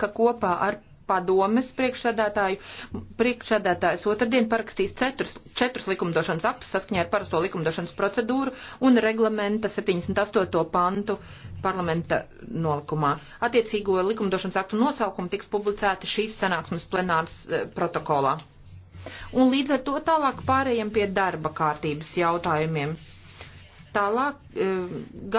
ka kopā ar padomes priekšsēdētāju priekšsēdētājs otrdien parakstīs cetrus, četrus likumdošanas aktus saskaņā ar parasto likumdošanas procedūru un reglamenta 78. pantu parlamenta nolikumā. Attiecīgo likumdošanas aktu nosaukumu tiks publicēti šīs sanāksmes plenāras e, protokolā. Un līdz ar to tālāk pārējiem pie darba kārtības jautājumiem. Tālāk. E, gā...